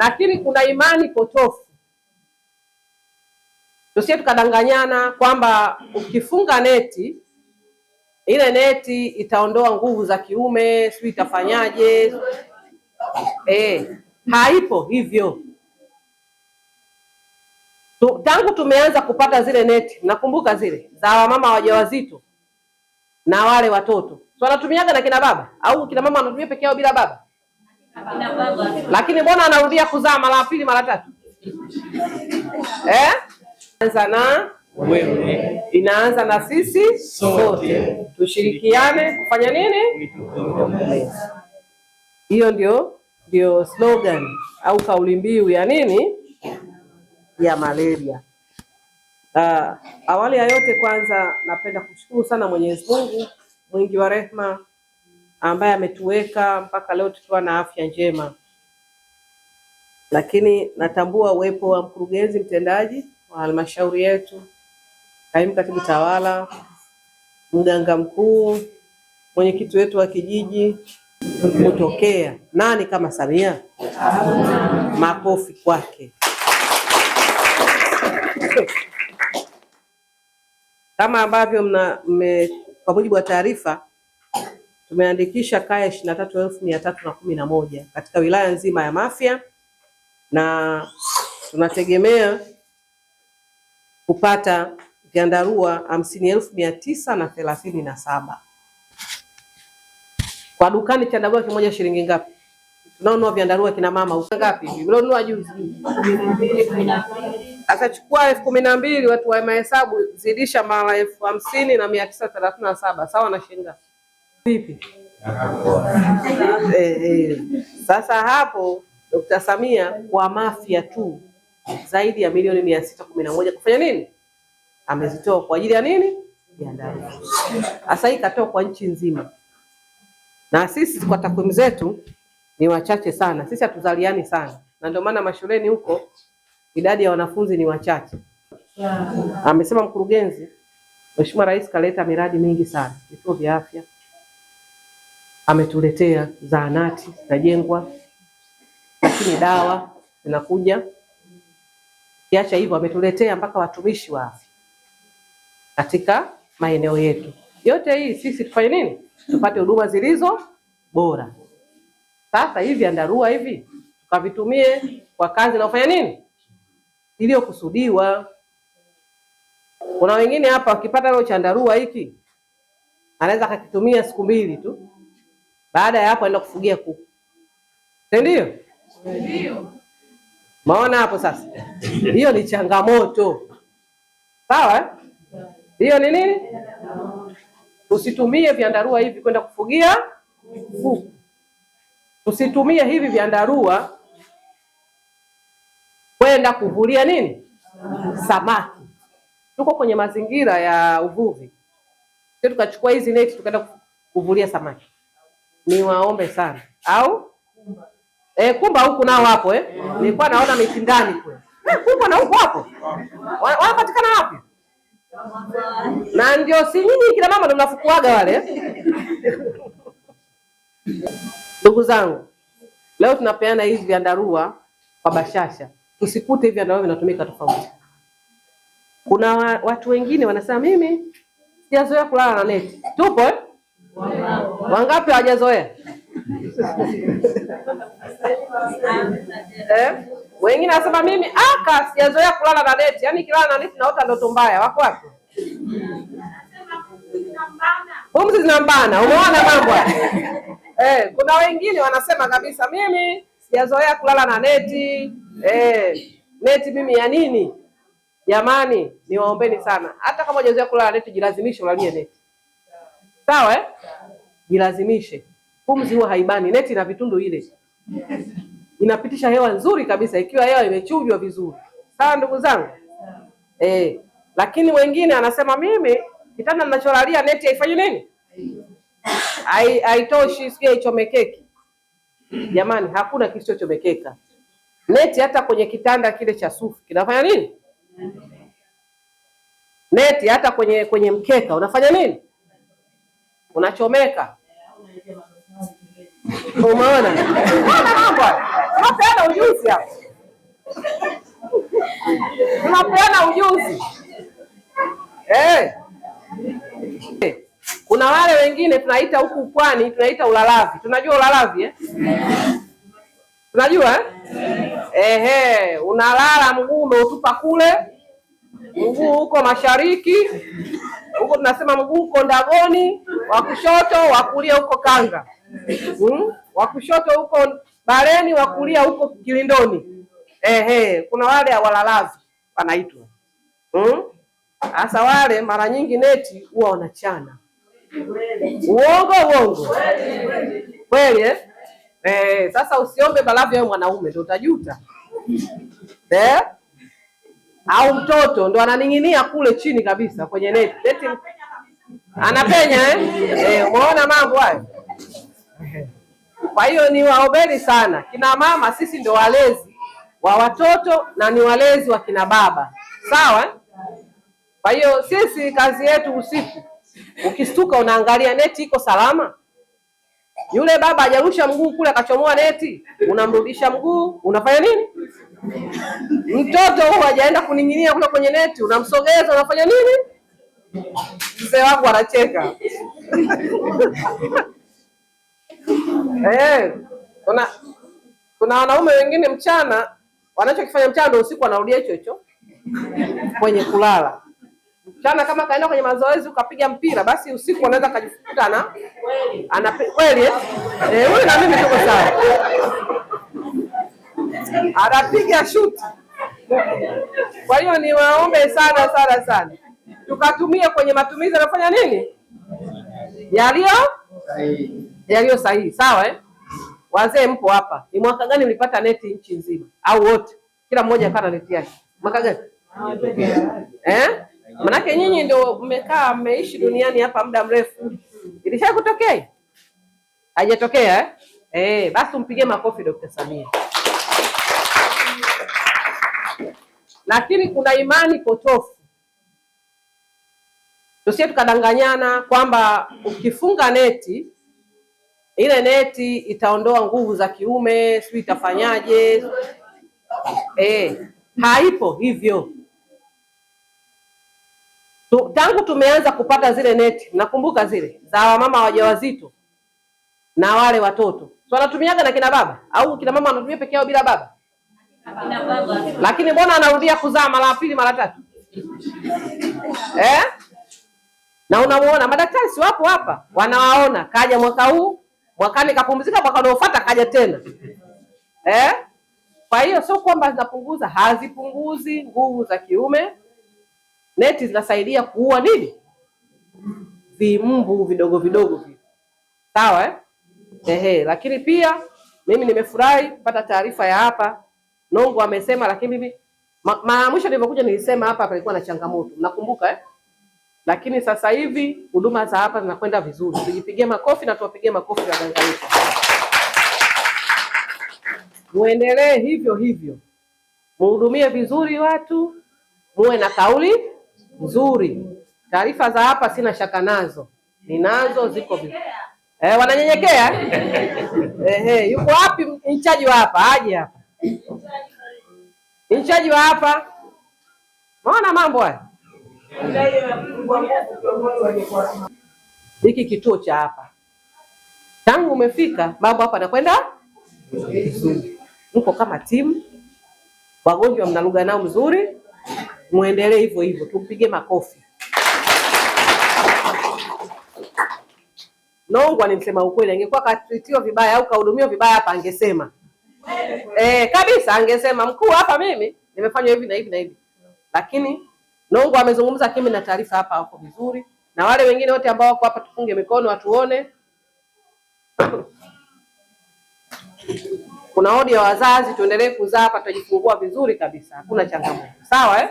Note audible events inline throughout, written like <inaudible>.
lakini kuna imani potofu. Tusie tukadanganyana kwamba ukifunga neti ile neti itaondoa nguvu za kiume, sijui itafanyaje. E, haipo hivyo. Tangu tumeanza kupata zile neti, nakumbuka zile za wamama wajawazito na wale watoto, so anatumiaga na kina baba au kina mama anatumia peke yao bila baba? lakini mbona anarudia kuzaa mara pili mara tatu eh? Anza na wewe, inaanza na sisi sote, tushirikiane kufanya nini? Hiyo ndio ndio slogan au kauli mbiu ya nini ya malaria. Uh, awali ya yote kwanza, napenda kushukuru sana Mwenyezi Mungu mwingi wa rehema ambaye ametuweka mpaka leo tukiwa na afya njema. Lakini natambua uwepo wa mkurugenzi mtendaji wa halmashauri yetu, kaimu katibu tawala, mganga mkuu, mwenyekiti wetu wa kijiji kutokea nani kama Samia? Makofi kwake. Kama ambavyo mna, mme, kwa mujibu wa taarifa tumeandikisha kaya ishirini na tatu elfu mia tatu na kumi na moja katika wilaya nzima ya Mafia na tunategemea kupata vyandarua hamsini elfu mia tisa na thelathini na saba. Kwa dukani chandarua kimoja shilingi ngapi? Tunaonua vyandarua kina mama uko ngapi? Mlionunua juzi. Akachukua elfu kumi na mbili watu wa mahesabu zidisha mara elfu hamsini na mia tisa thelathini na saba sawa na shilingi ngapi? Vipi? E, e, Sasa hapo Dr. Samia kwa Mafia tu zaidi ya milioni mia sita kumi na moja kufanya nini? Amezitoa kwa ajili ya nini? Jiandae. Sasa hii katoa kwa nchi nzima, na sisi kwa takwimu zetu ni wachache sana. Sisi hatuzaliani sana, na ndio maana mashuleni huko idadi ya wanafunzi ni wachache. Amesema mkurugenzi, Mheshimiwa Rais kaleta miradi mingi sana, vituo vya afya ametuletea zahanati zitajengwa, lakini dawa zinakuja. Kiacha hivyo, ametuletea mpaka watumishi wa afya katika maeneo yetu yote. Hii sisi tufanye nini? Tupate huduma zilizo bora. Sasa hivi andarua hivi tukavitumie kwa kazi naofanya nini iliyokusudiwa. Kuna wengine hapa wakipata leo chandarua hiki anaweza akakitumia siku mbili tu baada ya hapo aenda kufugia kuku, si ndio? Maona hapo sasa, hiyo ni changamoto sawa. Eh? Hiyo ni nini? Usitumie vyandarua hivi kwenda kufugia kuku, usitumie hivi vyandarua kwenda kuvulia nini, samaki. Tuko kwenye mazingira ya uvuvi, sio tukachukua hizi neti tukaenda kuvulia samaki niwaombe sana au e, Kumba huku nao hapo eh? Yeah. Nilikuwa naona mitindani kule eh, Kumba na huku hapo wanapatikana wapi? na ndio si nyinyi kila mama ndo mnafukuaga wale eh? <laughs> ndugu zangu, leo tunapeana hivi vyandarua kwa bashasha, tusikute hivi vyandarua vinatumika tofauti. Kuna watu wengine wanasema mimi sijazoea kulala na neti, tupo eh? Wangapi hawajazoea? <laughs> Eh? Wengine nasema mimi aka ah, sijazoea kulala na neti, yaani kilala na neti naota ndoto mbaya. Wako wapi? Pumzi zinambana. Umeona mambo <laughs> eh? Kuna wengine wanasema kabisa mimi sijazoea kulala na neti eh, neti mimi ya nini? Jamani, niwaombeni sana, hata kama hujazoea kulala na neti, jilazimishe ulalie neti sawa eh? Jilazimishe. Pumzi huwa haibani, neti na vitundu, ile inapitisha hewa nzuri kabisa, ikiwa hewa imechujwa vizuri, sawa ndugu zangu eh. Lakini wengine anasema mimi kitanda ninacholalia neti haifanyi nini, haitoshi, sikia ichomekeki. Jamani, hakuna kisichochomekeka. Neti hata kwenye kitanda kile cha sufu kinafanya nini? Neti hata kwenye kwenye mkeka unafanya nini? unachomeka umeona? unapeana ujuzi hapa, unapeana ujuzi eh. Kuna wale wengine tunaita huku pwani tunaita ulalavi. Tunajua ulalavi eh? Tunajua eh? Ehe, unalala mguu umeutupa kule, mguu huko mashariki huko tunasema mguu uko Ndagoni, wa kushoto wa kulia huko Kanga, hmm? wa kushoto huko Bareni, wa kulia huko Kilindoni. Ehe, kuna wale walalazi wanaitwa hmm? hasa hmm? Wale mara nyingi neti huwa wanachana uongo uongo kweli eh? Eh, sasa usiombe balavu yawe mwanaume ndio utajuta eh? au mtoto ndo ananing'inia kule chini kabisa kwenye neti, neti anapenya eh? eh, umeona mambo hayo. Kwa hiyo ni waombeni sana kina mama, sisi ndo walezi wa watoto na ni walezi wa kina baba, sawa. Kwa hiyo sisi kazi yetu usiku, ukistuka unaangalia neti iko salama, yule baba ajarusha mguu kule akachomoa neti, unamrudisha mguu, unafanya nini Mtoto huu hajaenda kuning'inia kule kwenye neti, unamsogeza unafanya nini? Mzee wangu anacheka. <laughs> Eh, kuna kuna wanaume wengine mchana wanachokifanya mchana ndio usiku wanarudia hicho hicho kwenye kulala. Mchana kama kaenda kwenye mazoezi ukapiga mpira, basi usiku anaweza akajikuta na kweli, eh? eh, huyu na mimi tuko sawa anapiga shuti. Kwa hiyo niwaombe sana sana sana tukatumie kwenye matumizi anafanya nini, yaliyo yaliyo sahihi. Sawa eh? Wazee mpo hapa, ni mwaka gani mlipata neti nchi nzima au wote? Kila mmoja akawa na neti yake mwaka gani? Eh? Manake nyinyi ndio mmekaa mmeishi duniani hapa muda mrefu, ilishakutokea? haijatokea eh? Eh, basi umpigie makofi Dr. Samia. Lakini kuna imani potofu, tusie tukadanganyana kwamba ukifunga neti ile neti itaondoa nguvu za kiume, sijui itafanyaje. E, haipo hivyo. Tangu tumeanza kupata zile neti, nakumbuka zile za wamama wajawazito na wale watoto, so na kina baba au kina mama wanatumia peke yao bila baba lakini mbona anarudia kuzaa mara ya pili mara tatu eh? Na unamuona madaktari si wapo hapa, wanawaona. Kaja mwaka huu, mwakani kapumzika, mwaka unaofuata kaja tena eh? Kwa hiyo sio kwamba zinapunguza, hazipunguzi nguvu za kiume. Neti zinasaidia kuua nini, vimbu vidogo vidogo hivi, sawa eh? Ehe, lakini pia mimi nimefurahi kupata taarifa ya hapa Nongo amesema, lakini mimi mara mwisho nilipokuja nilisema hapa palikuwa na changamoto, nakumbuka eh? Lakini sasa hivi huduma za hapa zinakwenda vizuri, tujipigie makofi na tuwapigie makofi waganga Muendelee hivyo hivyo, muhudumie vizuri watu, muwe na kauli nzuri. Taarifa za hapa sina shaka nazo, ninazo ziko vizuri. Eh, wananyenyekea <laughs> eh, yuko wapi mchaji wa hapa? Aje hapa ni mchaji wa hapa. Maona mambo haya, hiki kituo cha hapa, tangu umefika mambo hapa nakwenda, mko kama timu, wagonjwa mnaluga nao mzuri, muendelee hivyo hivyo, tumpige makofi. Nongwa ni msema ukweli, angekuwa katitiwa vibaya au kahudumiwa vibaya hapa angesema eh, kabisa angesema mkuu, hapa mimi nimefanywa hivi na hivi na hivi, lakini Nongo amezungumza kimi na taarifa hapa, wako vizuri na wale wengine wote ambao wako hapa, tufunge mikono watuone. <coughs> Kuna odi ya wazazi, tuendelee kuzaa hapa, tajifungua vizuri kabisa, hakuna changamoto. Sawa eh?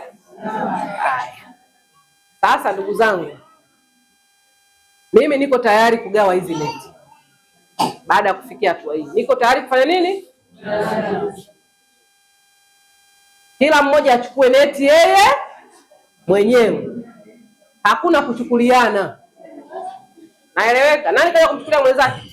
Sasa ndugu zangu, mimi niko tayari kugawa hizi neti baada ya kufikia hatua hii. Niko tayari kufanya nini? Kila mmoja achukue neti yeye mwenyewe, hakuna kuchukuliana. Naeleweka? Nani kaja kumchukulia mwenzake?